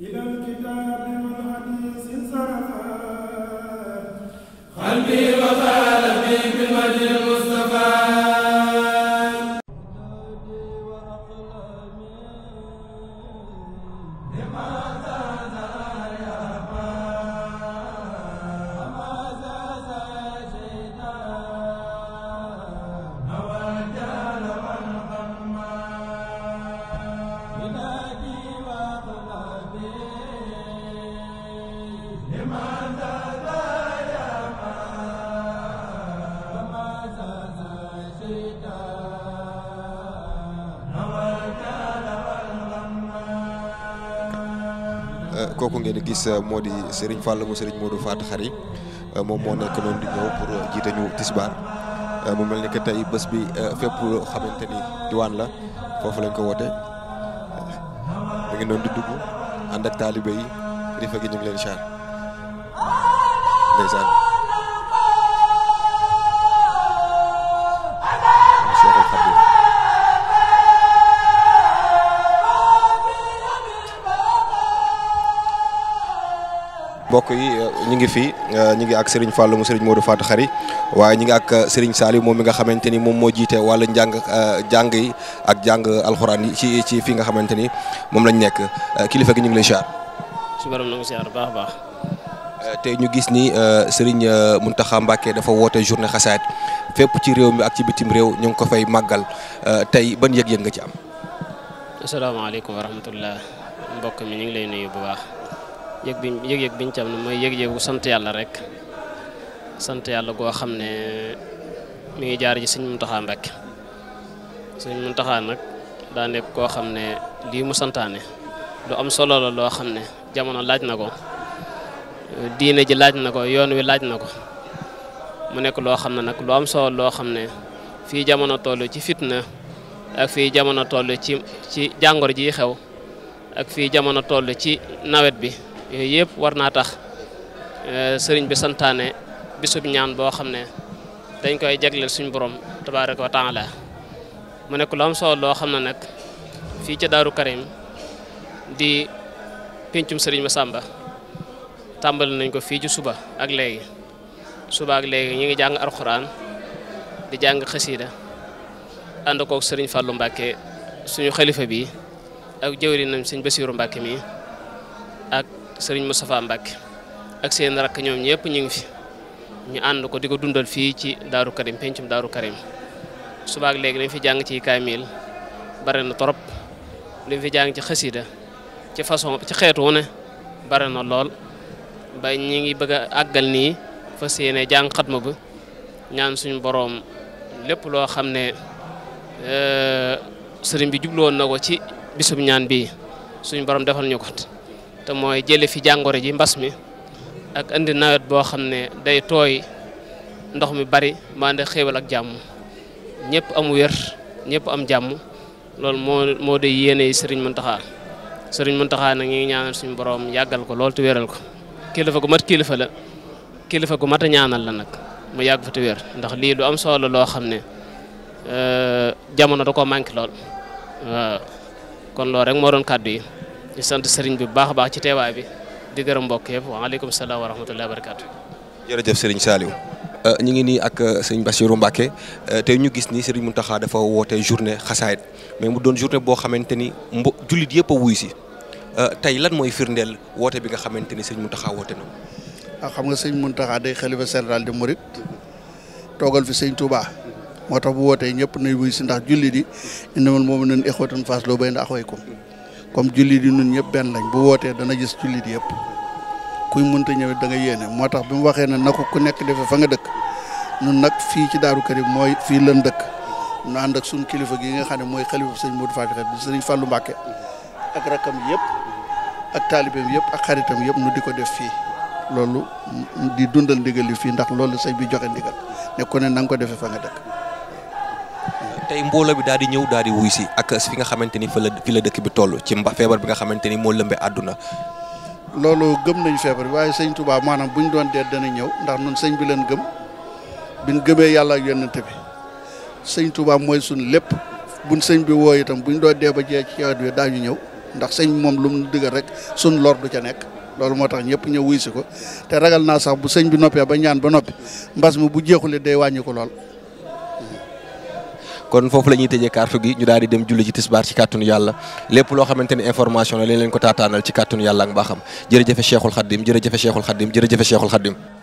إلى Euh, kooku ngeen di gis euh, moo di Serigne Fall mu Serigne Modou Fatou Khary euh, moom moo nekk noonu di ñëw pour jiite ñu tisbaar mu mel ni que tey bés bi fépp xamante ni diwaan la foofu lañ ko woote da ngeen doon di dugg ànd ak taalibe yi rifa gi leen char mbokk yi euh, ñu ngi fi euh, ñu ngi ak Serigne Fallou mu Serigne Modou Fatou Khary waaye ñu ngi ak euh, Serigne Saliou moom mi nga xamante ni moom moo jiite wàllu njàng jàng yi ak jàng alxuraan yi ci ci fi nga xamante ni moom lañ nekk kilifa gi ñu ngi lay siyaar. su borom na nga siyaar bu baax a baax. tey ñu gis ni Serigne Mountakha dafa woote journée xasaayit fépp ci réew mi ak ci bitim réew ñu ngi ko fay màggal tey ban yëg-yëg nga ci am. asalaamaaleykum wa rahmatullah mbokk mi ñu ngi lay nuyu bu baax. yëg bi yëg-yëg biñ ci na mooy yëg-yëgu sant yàlla rek sant yàlla goo xam ne mi ngi jaar ci sëñ Muntaxa Mbàkke sëñ Muntaxa nag daa nekk koo xam ne lii mu santaane lu am solo la loo xam ne jamono laaj na ko diine ji laaj na ko yoon wi laaj na ko mu nekk loo xam ne nag lu am solo loo xam ne fii jamono toll ci fitna ak fii jamono toll ci ci jàngoro ji xew ak fii jamono toll ci nawet bi yooyu yëpp war naa tax eh, sëriñ bi santaane bisub ñaan boo xam ne dañ koy jagleel suñu borom tabaaraka wa taala mu nekk lu am solo loo xam ne nag fii ci Daaru Karim di pencum sëriñ sàmba tàmbali nañ ko fii ci suba ak léegi suba ak léegi ñu ngi jàng alxuraan di jàng xasiida ànd kook sëriñ Fallou Mbacke suñu xalifa bi ak jëwrinam sëñ Basiiru Mbacke mi sëriñ Moustapha Mbacke ak seen rakk ñoom ñëpp ñu ngi fi ñu ànd ko di ko dundal fii ci Daaru Karim pencum Daaru Karim subaak léegi dañ fi jàng ci kaamil bare na trop dañ fi jàng ci xasida ci façon ci xeetu wu ne bare na lool ba ñi ngi bëgg a àggal nii fa yéene jàng xatma ba ñaan suñu boroom lépp loo xam ne euh, sëriñ bi jublu na ko ci bisub ñaan bii suñu boroom defal ñu ko. te mooy jële fi jàngoro ji mbas mi ak indi nawet boo xam ne day tooy ndox mi bari mbaa nde ak jàmm ñëpp am wér ñëpp am jàmm loolu moo moo day yéene Serigne Mountakha Serigne Mountakha nag ñu ngi ñaanal suñu borom yàggal ko lool te weeral ko kilifa gu mat kilifa la kilifa gu mat a ñaanal la nag mu yàgg fa te wér ndax lii lu am solo loo xam ne euh, jamono da ko manqué lool waaw kon loolu rek moo doon kàddu yi. di sant sëriñ bi bu baax a baax ci teewaay bi di gërëm mbokk yëpp waaleykum salaam wa rahmatullahi wa barakaatu. jërëjëf sëriñ Saliou. Euh, ñu ngi ni ak euh, sëriñ Bassirou Mbacké euh, te ñu gis ni sëriñ taxa dafa woote journée xasaayit mais mu doon journée boo xamante ni mbo jullit yëpp wuy si tey lan mooy firndeel woote bi nga xamante ni sëriñ Mountakha woote na ah xam nga sëriñ Mountakha day xalifa général de Mouride toogal fi sëriñ Touba moo tax bu wootee ñëpp nuy wuy si ndax jullit yi innamal mu'minuuna ixwatun fasloo bayna ko comme jullit yi ñun ñëpp benn lañ bu wootee dana gis jullit yëpp kuy mënta ñëwee da nga yéene moo tax bi mu waxee ne na ko ku nekk defee fa nga dëkk ñun nag fii ci Daaru Karim mooy fii lan dëkk ñu ànd ak suñu kilifa gi nga xam ne mooy xalifa sëñ Modou Faty Khary bi sëñ Fallou Mbacké ak rakkam yëpp ak taalibeem yëpp ak xaritam yëpp nu di ko def fii loolu di dundal ndigal yi fii ndax loolu sëñ bi joxe ndigal ne ku ne na nga ko defee fa nga dëkk tey mbooloo bi daal di ñëw daal di wuy si ak fi nga xamante ni fa la fi la dëkk bi toll ci mba feebar bi nga xamante ni moo lëmbee àdduna loolu gëm nañ feebar bi waaye sëñ Touba maanaam bu ñu doon dee dana ñëw ndax nun sëñ bi leen gëm bi gëmee yàlla ak yonent bi sëñ Touba mooy suñ lépp buñ sëñ bi woo itam bu doon dee ba jee ci xewet bi daañu ñëw ndax sëñ moom lu mu dëggal rek suñ lor du ca nekk loolu moo tax ñëpp ñëw wuy si ko te ragal naa sax bu sëñ bi noppee ba ñaan ba noppi mbas mi bu jeexulee day wàññi ko lool kon foofu la ñuy tëjee kartu gi ñu daal di dem julli ci tisbaar ci kàttanu yàlla lépp loo xamante ni information la leen leen ko taataanal ci kàttanu yàlla ak mbaaxam jërëjëfe Cheikhul Khadim jërëjëfe Cheikhul Khadim jërëjëfe Cheikhul Khadim